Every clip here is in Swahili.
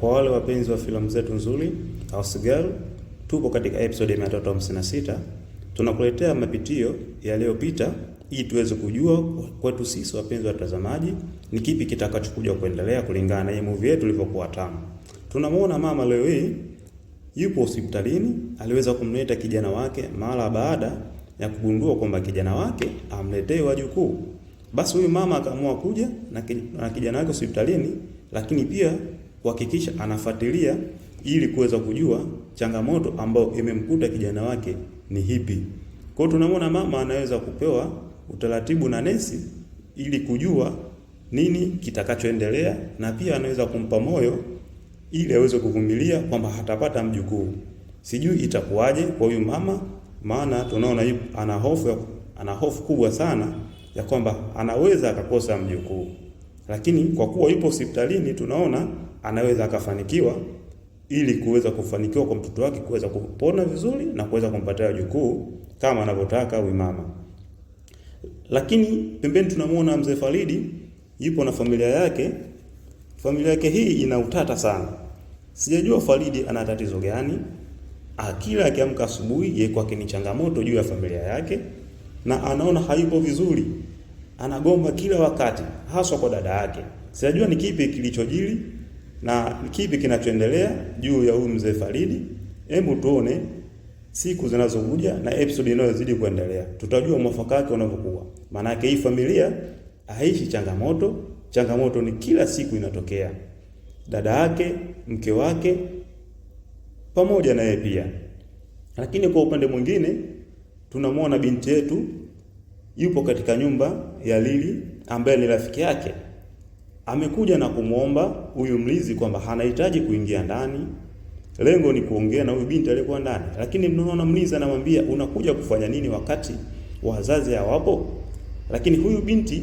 Kwa wale wapenzi wa filamu zetu nzuri House Girl, tupo katika episode ya 356 tunakuletea mapitio yaliyopita ili tuweze kujua kwetu sisi wapenzi wa watazamaji ni kipi kitakachokuja kuendelea kulingana na hii movie yetu ilivyokuwa tamu. Tunamuona mama leo hii yupo hospitalini, aliweza kumleta kijana wake mara baada ya kugundua kwamba kijana wake amletee wajukuu. Basi huyu mama akaamua kuja na kijana wake hospitalini, lakini pia kuhakikisha anafuatilia ili kuweza kujua changamoto ambayo imemkuta kijana wake ni hipi. Kwa hiyo tunamwona mama anaweza kupewa utaratibu na nesi ili kujua nini kitakachoendelea, na pia anaweza kumpa moyo ili aweze kuvumilia kwamba hatapata mjukuu, sijui itakuwaje kwa huyu mama, maana tunaona ana hofu, ana hofu kubwa sana ya kwamba anaweza akakosa mjukuu, lakini kwa kuwa yupo hospitalini tunaona anaweza akafanikiwa ili kuweza kufanikiwa kwa mtoto wake kuweza kupona vizuri na kuweza kumpatia jukuu kama anavyotaka huyu mama. Lakini pembeni tunamuona mzee Faridi yupo na familia yake. Familia yake hii ina utata sana, sijajua Faridi ana tatizo gani. Akila akiamka asubuhi, yeye kwake ni changamoto juu ya familia yake, na anaona haipo vizuri, anagomba kila wakati, haswa kwa dada yake. Sijajua ni kipi kilichojili na kipi kinachoendelea juu ya huyu mzee Faridi. Hebu tuone siku zinazokuja na episode inayozidi kuendelea, tutajua mwafaka wake unavyokuwa. Maana yake hii familia haishi changamoto, changamoto ni kila siku inatokea. Dada yake, mke wake pamoja na yeye pia. Lakini kwa upande mwingine tunamwona binti yetu yupo katika nyumba ya Lili ambaye ni rafiki yake amekuja na kumwomba huyu mlinzi kwamba anahitaji kuingia ndani, lengo ni kuongea na huyu binti aliyekuwa ndani, lakini mnaona mlinzi anamwambia unakuja kufanya nini wakati wazazi hawapo? Lakini huyu binti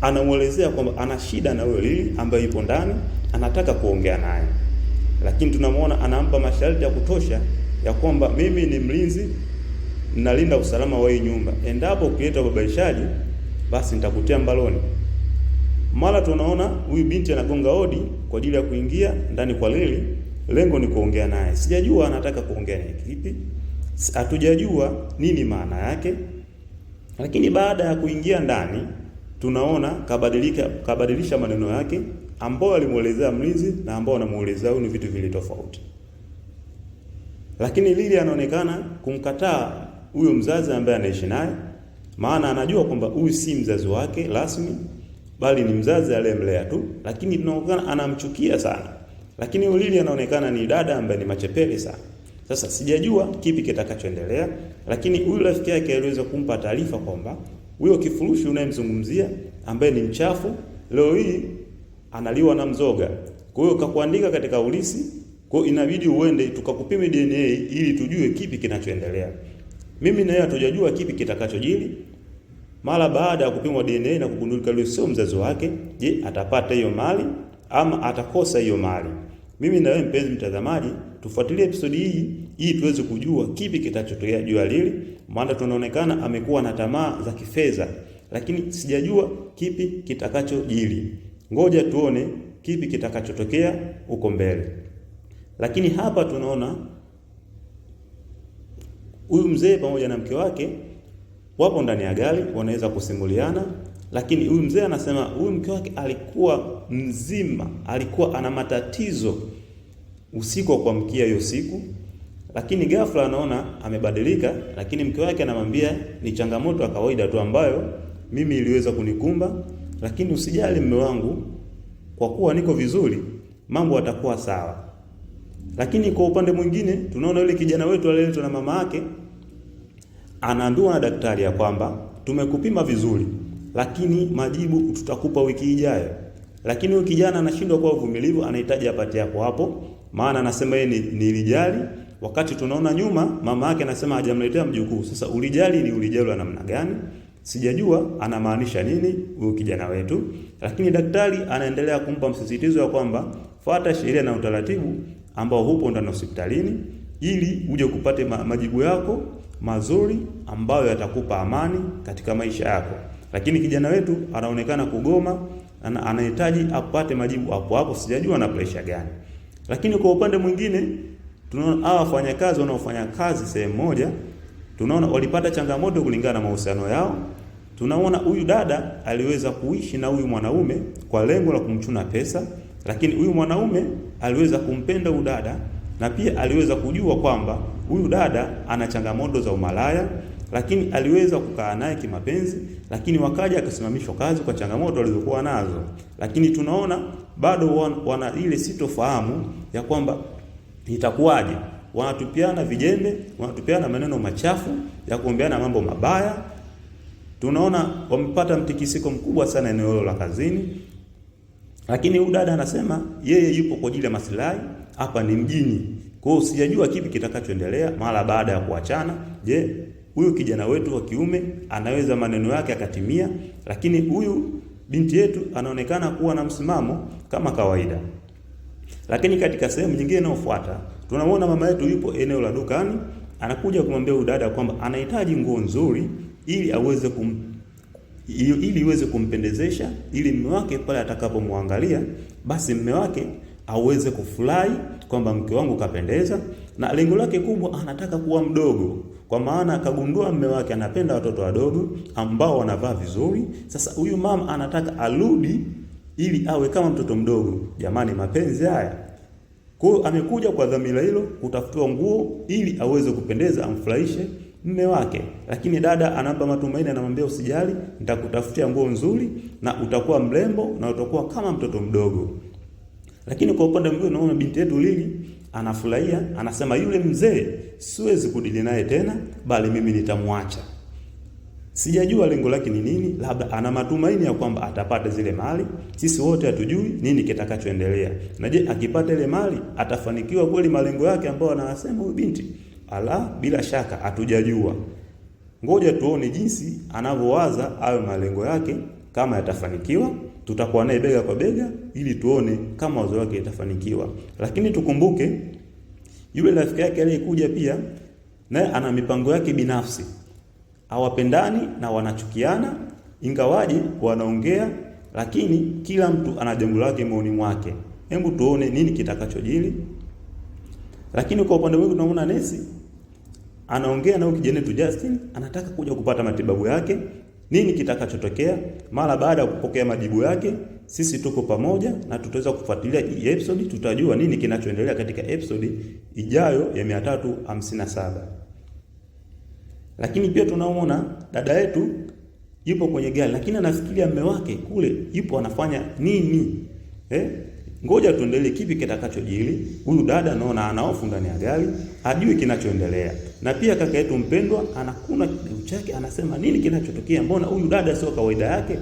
anamuelezea kwamba ana shida na huyo Lili ambaye yupo ndani, anataka kuongea naye, lakini tunamwona anampa masharti ya kutosha ya kwamba mimi ni mlinzi, nalinda usalama wa hii nyumba, endapo ukileta ubabaishaji, basi nitakutia mbaloni. Mara tunaona huyu binti anagonga hodi kwa ajili ya kuingia ndani kwa Lili, lengo ni kuongea naye. Sijajua anataka kuongea naye kipi, hatujajua nini maana yake, lakini baada ya kuingia ndani tunaona kabadilika, kabadilisha maneno yake ambao alimuelezea mlinzi na ambao anamuelezea huyu ni vitu vile tofauti, lakini Lili anaonekana kumkataa huyo mzazi ambaye anaishi naye, maana anajua kwamba huyu si mzazi wake rasmi bali ni mzazi aliyemlea tu, lakini tunaonekana anamchukia sana, lakini Ulili anaonekana ni dada ambaye ni machepeli sana. Sasa sijajua kipi kitakachoendelea, lakini huyu rafiki yake aliweza kumpa taarifa kwamba huyo kifurushi unayemzungumzia ambaye ni mchafu, leo hii analiwa na mzoga. Kwa hiyo kakuandika katika ulisi, kwa hiyo inabidi uende tukakupime DNA ili tujue kipi kinachoendelea. Mimi na yeye hatujajua kipi kitakachojili mara baada ya kupimwa DNA na kugundulika yule sio mzazi wake, je, atapata hiyo mali ama atakosa hiyo mali? Mimi na wewe mpenzi mtazamaji, tufuatilie episodi hii ili tuweze kujua kipi kitachotokea juu ya Lili, maana tunaonekana amekuwa na tamaa za kifedha, lakini sijajua kipi kitakachojili. Ngoja tuone kipi kitakachotokea huko mbele. Lakini hapa tunaona huyu mzee pamoja na mke wake wapo ndani ya gari wanaweza kusimuliana, lakini huyu mzee anasema huyu mke wake alikuwa mzima, alikuwa ana matatizo usiku wa kuamkia hiyo siku, lakini ghafla anaona amebadilika, lakini mke wake anamwambia ni changamoto ya kawaida tu ambayo mimi iliweza kunikumba, lakini usijali mme wangu, kwa kuwa niko vizuri, mambo yatakuwa sawa. Lakini kwa upande mwingine tunaona yule kijana wetu aliyeletwa na mama yake anaambiwa na daktari ya kwamba tumekupima vizuri, lakini majibu tutakupa wiki ijayo. Lakini huyo kijana anashindwa kuwa uvumilivu, anahitaji apate hapo hapo, maana anasema yeye nilijali, wakati tunaona nyuma mama yake anasema hajamletea mjukuu. Sasa ulijali ni ulijali wa namna gani? Sijajua anamaanisha nini huyu kijana wetu, lakini daktari anaendelea kumpa msisitizo ya kwamba fuata sheria na utaratibu ambao hupo ndani hospitalini, ili uje kupate majibu yako mazuri ambayo yatakupa amani katika maisha yako. Lakini kijana wetu anaonekana kugoma, anahitaji apate majibu hapo hapo, sijajua na presha gani. Lakini kwa upande mwingine tunaona hawa wafanyakazi wanaofanya kazi sehemu moja, tunaona walipata changamoto kulingana na mahusiano yao. Tunaona huyu dada aliweza kuishi na huyu mwanaume kwa lengo la kumchuna pesa, lakini huyu mwanaume aliweza kumpenda huyu dada na pia aliweza kujua kwamba huyu dada ana changamoto za umalaya, lakini aliweza kukaa naye kimapenzi, lakini wakaja akasimamishwa kazi kwa changamoto alizokuwa nazo. Lakini tunaona bado wana, wana ile sitofahamu ya kwamba itakuwaje, wanatupiana vijembe, wanatupiana maneno machafu ya kuombeana mambo mabaya. Tunaona wamepata mtikisiko mkubwa sana eneo hilo la kazini. Lakini huyu dada anasema yeye yupo kwa ajili ya maslahi, hapa ni mjini. Kwa hiyo sijajua kipi kitakachoendelea mara baada ya kuachana. Je, huyu kijana wetu wa kiume anaweza maneno yake akatimia? Lakini huyu binti yetu anaonekana kuwa na msimamo kama kawaida. Lakini katika sehemu nyingine inayofuata tunamwona mama yetu yupo eneo la dukani, anakuja kumwambia huyu dada kwamba anahitaji nguo nzuri ili aweze kum ili iweze kumpendezesha, ili mume wake pale atakapomwangalia, basi mume wake aweze kufurahi kwamba mke wangu kapendeza, na lengo lake kubwa anataka kuwa mdogo, kwa maana akagundua mume wake anapenda watoto wadogo ambao wanavaa vizuri. Sasa huyu mama anataka arudi ili awe kama mtoto mdogo. Jamani, mapenzi haya! Kwa hiyo amekuja kwa dhamira hilo, kutafutiwa nguo ili aweze kupendeza, amfurahishe mme wake, lakini dada anampa matumaini, anamwambia usijali, nitakutafutia nguo nzuri na utakuwa mrembo na utakuwa kama mtoto mdogo. Lakini kwa upande mwingine unaona binti yetu Lili anafurahia, anasema yule mzee siwezi kudili naye tena, bali mimi nitamwacha. Sijajua lengo lake ni nini, labda ana matumaini ya kwamba atapata zile mali. Sisi wote hatujui nini kitakachoendelea, na je, akipata ile mali atafanikiwa kweli malengo yake ambayo anasema huyu binti? ala bila shaka hatujajua, ngoja tuone jinsi anavyowaza ayo malengo yake, kama yatafanikiwa tutakuwa naye bega kwa bega, ili tuone kama wazo wake yatafanikiwa. Lakini tukumbuke yule rafiki yake aliyekuja pia naye ana mipango yake binafsi, hawapendani na wanachukiana, ingawaje wanaongea, lakini kila mtu ana jambo lake moyoni mwake. Hebu tuone nini kitakachojili. Lakini kwa upande wangu tunaona Nesi anaongea na kijana wetu Justin, anataka kuja kupata matibabu yake. Nini kitakachotokea mara baada ya kupokea majibu yake? Sisi tuko pamoja na tutaweza kufuatilia hii episode, tutajua nini kinachoendelea katika episode ijayo ya 357. Lakini pia tunaona dada yetu yupo kwenye gari, lakini anafikiria mume wake kule yupo anafanya nini eh? Ngoja tuendelee, kipi kitakachojili? Huyu dada naona anaofu ndani ya gari, ajue kinachoendelea na pia kaka yetu mpendwa anakuna kidevu chake, anasema nini kinachotokea? Mbona huyu dada sio kawaida yake?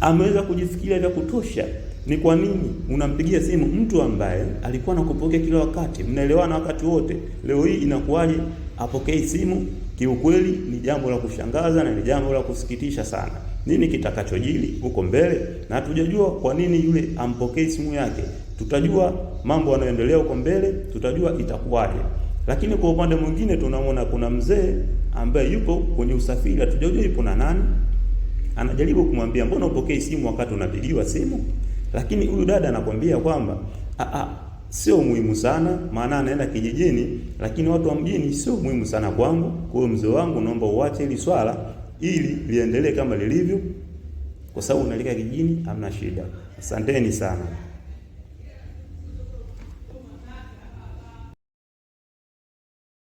Ameweza kujifikiria vya kutosha. Ni kwa nini unampigia simu mtu ambaye alikuwa anakupokea kila wakati, mnaelewana wakati wote? Leo hii inakuwaje apokee simu? Kiukweli ni jambo la kushangaza na ni jambo la kusikitisha sana. Nini kitakachojili huko mbele? Na hatujajua kwa nini yule ampokee simu yake. Tutajua mambo yanayoendelea huko mbele, tutajua itakuwaje. Lakini kwa upande mwingine tunamwona kuna mzee ambaye yuko kwenye usafiri, hatujajua yupo na nani, anajaribu kumwambia mbona upokee simu wakati unapigiwa simu, lakini huyu dada anakwambia kwamba ah, ah, sio muhimu sana, maana anaenda kijijini, lakini watu wa mjini sio muhimu sana kwangu. Kwa hiyo mzee wangu, naomba uache hili swala ili liendelee kama lilivyo, kwa sababu unalika kijijini, hamna shida. Asanteni sana.